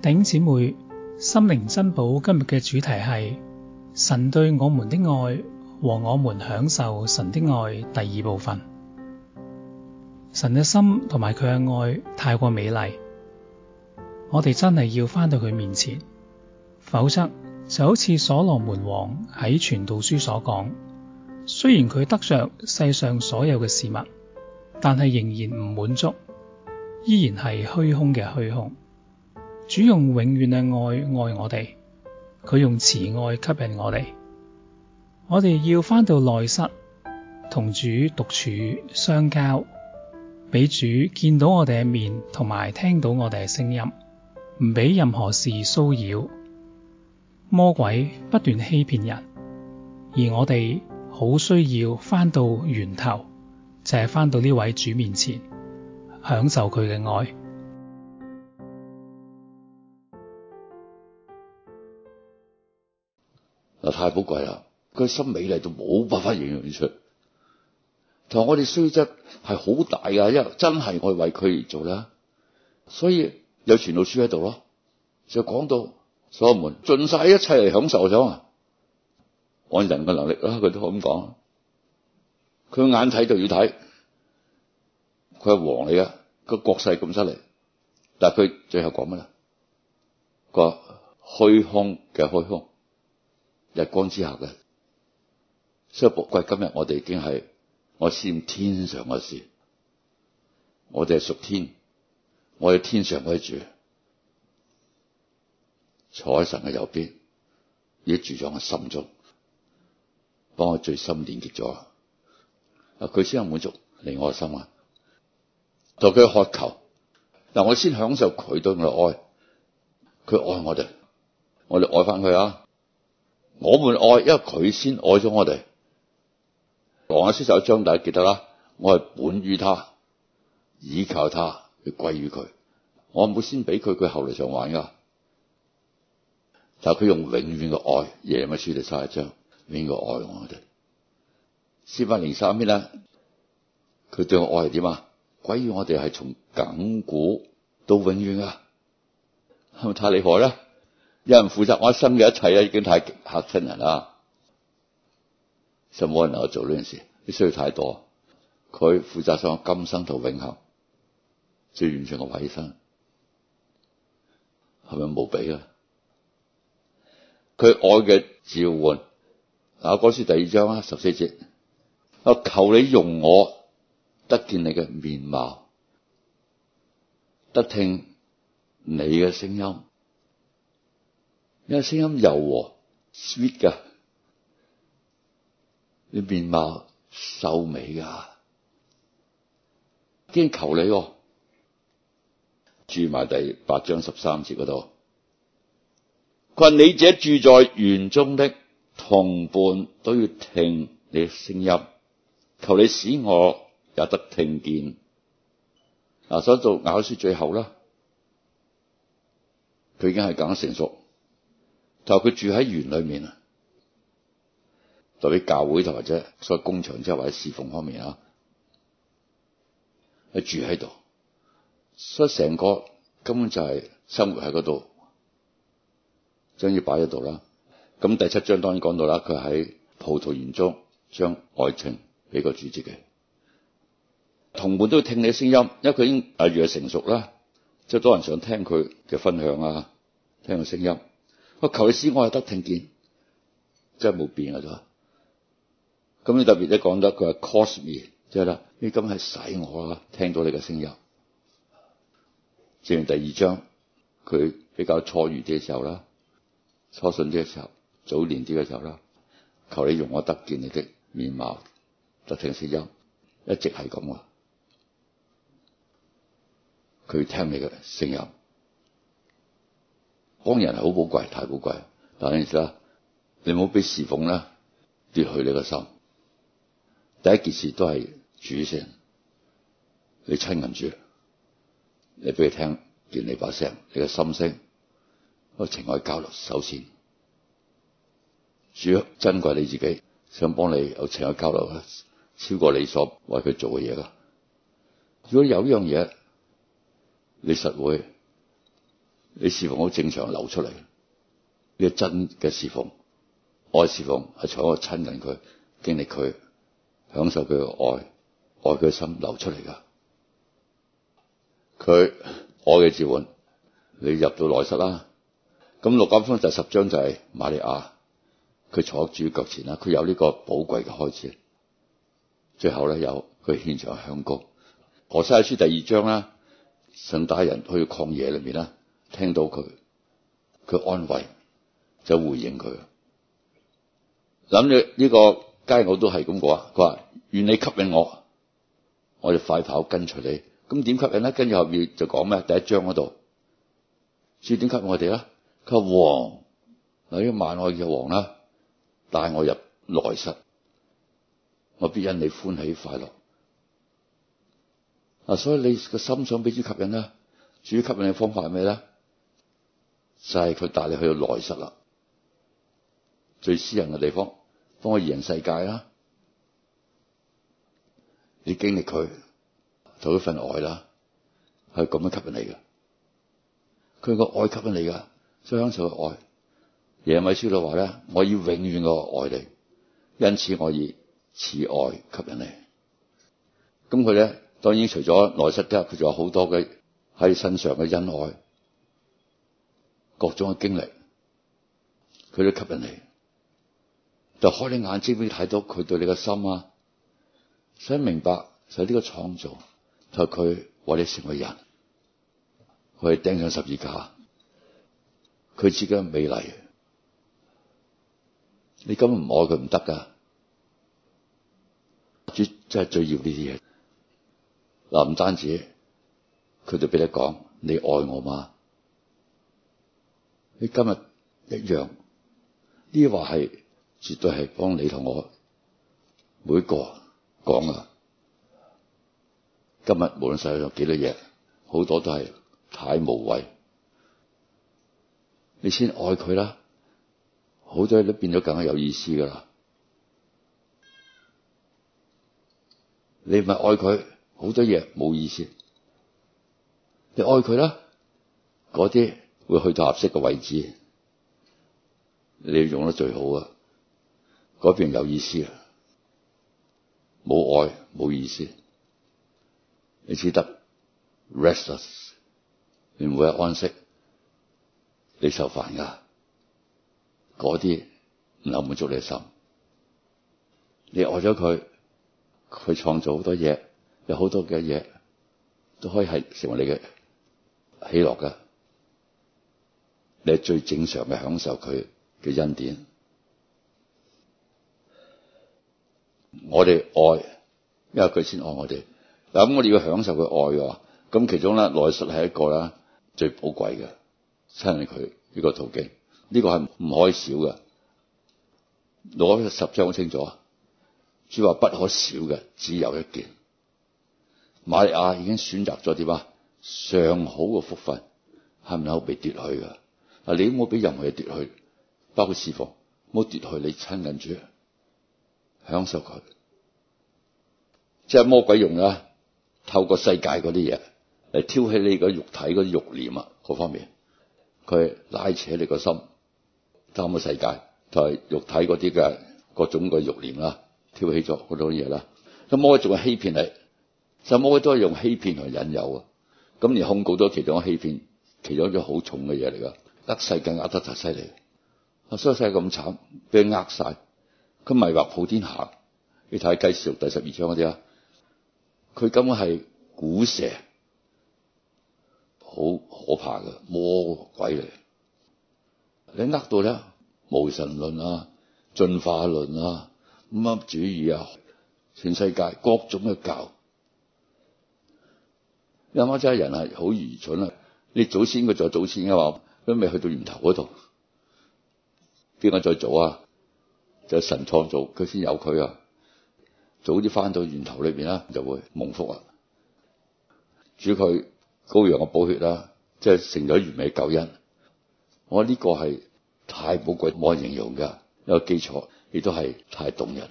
弟姐妹，心靈珍寶今日嘅主題係神對我們的愛和我們享受神的愛第二部分。神嘅心同埋佢嘅愛太過美麗，我哋真係要返到佢面前，否則就好似所羅門王喺傳道書所講，雖然佢得着世上所有嘅事物，但係仍然唔滿足，依然係虛空嘅虛空。主用永遠嘅愛愛我哋，佢用慈愛吸引我哋。我哋要翻到內室，同主獨處相交，俾主見到我哋嘅面，同埋聽到我哋嘅聲音，唔俾任何事騷擾。魔鬼不斷欺騙人，而我哋好需要翻到源頭，就係翻到呢位主面前，享受佢嘅愛。啊！太寶貴啦，佢心美麗到冇辦法形容得出。同我哋衰質係好大噶，因為真係我為佢而做啦，所以有傳道書喺度咯，就講到：所羅門盡晒一切嚟享受咗啊！按人嘅能力啊，佢都咁講。佢眼睇就要睇，佢係王嚟噶，個國勢咁犀利，但係佢最後講乜啦？個虛空嘅虛空。日光之下嘅，所以寶貴今日我哋已經係我先天上嘅事，我哋係屬天，我哋天上可以住，坐喺神嘅右邊，已經住咗我心中，幫我最深連結咗，啊佢先有滿足嚟我心啊，同佢渴求，嗱我先享受佢對我嘅愛，佢愛我哋，我哋愛返佢啊。我們愛，因為佢先愛咗我哋。羅馬書十一章大家記得啦，我係本於他，倚靠他，去歸於佢。我唔會先俾佢，佢後嚟就玩噶。但係佢用永遠嘅愛，耶利米書第卅一章，永遠愛我哋。詩一百零三篇咧，佢對我愛係點啊？歸於我哋係從亙古到永遠啊！係咪太厲害啦？有人負責我一生嘅一切咧，已經太嚇親人啦，就冇人能夠做呢件事，啲需要太多。佢負責咗我今生同永恒，最完全嘅偉生係咪無比啊？佢愛嘅召喚，嗱，歌書第二章啊，十四節，我求你容我得見你嘅面貌，得聽你嘅聲音。你聲音柔和 sweet 噶，你面貌秀美噶，啲求你、哦、住埋第八章十三節嗰度。佢話，你這住在園中的，同伴都要聽你聲音，求你使我也得聽見。嗱，所以到咬書最後啦，佢已經係講成熟。就佢住喺園裏面啊，代表教會，或者在工場，即係或者侍奉方面啊，佢住喺度，所以成個根本就係生活喺嗰度，將、就是、要擺喺度啦。咁第七章當然講到啦，佢喺葡萄園中將愛情俾個主職嘅，同伴都要聽你嘅聲音，因為佢已經越嚟成熟啦，即係多人想聽佢嘅分享啊，聽佢聲音。我求你使，我係得聽見，真係冇變嘅啫。咁你特別咧講得，佢話 cause me 即係啦，你咁係使我啦，聽到你嘅聲音。正如第二章，佢比較初遇嘅時候啦，初信嘅時候，早年啲嘅時候啦，求你容我得見你的面貌，得聽聲音，一直係咁啊。佢聽你嘅聲音。幫人係好寶貴，太寶貴。但係點解，你唔好俾侍奉啦，跌去你個心。第一件事都係主先，你親近主，你俾佢聽見你把聲，你嘅心聲，個情愛交流首先。主珍貴你自己，想幫你有情愛交流啦，超過你所為佢做嘅嘢啦。如果有呢樣嘢，你實會。你侍奉好正常流出嚟，呢、這個真嘅侍奉，愛侍奉係坐喺個親近佢，經歷佢，享受佢嘅愛，愛佢嘅心流出嚟㗎。佢愛嘅召喚，你入到內室啦。咁《路加福音》第十章就係瑪利亞，佢坐喺主腳前啦，佢有呢個寶貴嘅開始。最後咧有佢獻上香膏，《何西亞書》第二章啦，神帶人去曠野裏面啦。聽到佢，佢安慰就回應佢，諗住呢個佳我都係咁講，佢話，願你吸引我，我哋快跑跟隨你。咁點吸引咧？跟住後邊就講咩？第一章嗰度，主點吸引我哋咧？吸引王，嗱，呢萬愛嘅王啦，帶我入內室，我必因你歡喜快樂。嗱，所以你個心想俾主吸引咧，主吸引嘅方法係咩咧？就係佢帶你去到內室啦，最私人嘅地方，嗰個二人世界啦。你經歷佢，就一份愛啦，係咁樣吸引你嘅。佢個愛吸引你噶，最享受嘅愛。耶米書度話咧，我要永遠嘅愛你，因此我以慈愛吸引你。咁佢咧，當然除咗內室之外，佢仲有好多嘅喺身上嘅恩愛。各種嘅經歷，佢都吸引你，就開你眼睛，可以睇到佢對你嘅心啊，想明白就係呢個創造，就佢、是、為你成為人，佢係釘上十字架，佢自己嘅美麗，你根本唔愛佢唔得噶，主真係最要呢啲嘢，嗱、啊、唔單止，佢就俾你講，你愛我嗎？你今日一樣呢？話係絕對係幫你同我每個講啊！今日無論世界上幾多嘢，好多都係太無謂。你先愛佢啦，好多嘢都變咗更加有意思㗎喇。你唔係愛佢，好多嘢冇意思。你愛佢啦，嗰啲，會去到合適嘅位置，你要用得最好啊！嗰邊有意思啊！冇愛冇意思，你只得 restless，你唔會有安息，你受煩噶。嗰啲唔能滿足你嘅心，你愛咗佢，佢創造好多嘢，有好多嘅嘢都可以係成為你嘅喜樂噶。你最正常嘅享受佢嘅恩典，我哋愛，因為佢先愛我哋。咁我哋要享受佢愛嘅話，咁其中咧，內室係一個啦，最寶貴嘅親佢呢個途徑，呢、這個係唔可以少嘅。攞十章好清楚，主話不可少嘅只有一件。馬利亞已經選擇咗啲啊？上好嘅福分，係唔係好被奪去嘅？嗱，你都冇俾任何嘢奪去，包括釋放，冇奪去你親近主，享受佢。即係魔鬼用啦，透過世界嗰啲嘢嚟挑起你個肉體嗰啲慾念啊，各方面佢拉扯你個心，透過世界就係、是、肉體嗰啲嘅各種嘅肉念啦，挑起咗好多嘢啦。咁魔鬼仲係欺騙你，就是、魔鬼都係用欺騙嚟引誘啊。咁而控告咗其中嘅欺騙，其中一個好重嘅嘢嚟㗎。得世界呃得太犀利，阿蘇世咁慘，俾人呃晒，佢迷惑普天下。你睇《啟示錄》第十二章嗰啲啊，佢根本係古蛇，好可怕嘅魔鬼嚟。你呃到咧無神論啊、進化論啊、乜主義啊，全世界各種嘅教，一孖真係人係好愚蠢啊！你祖先佢做祖先嘅話。都未去到源頭嗰度，邊個再做啊？就神創造佢先有佢啊！早啲返到源頭裏邊啦，就會蒙福啦。主佢羔羊嘅寶血啦，即係成咗完美救恩。我呢個係太寶貴、冇人形容嘅一個基礎，亦都係太動人。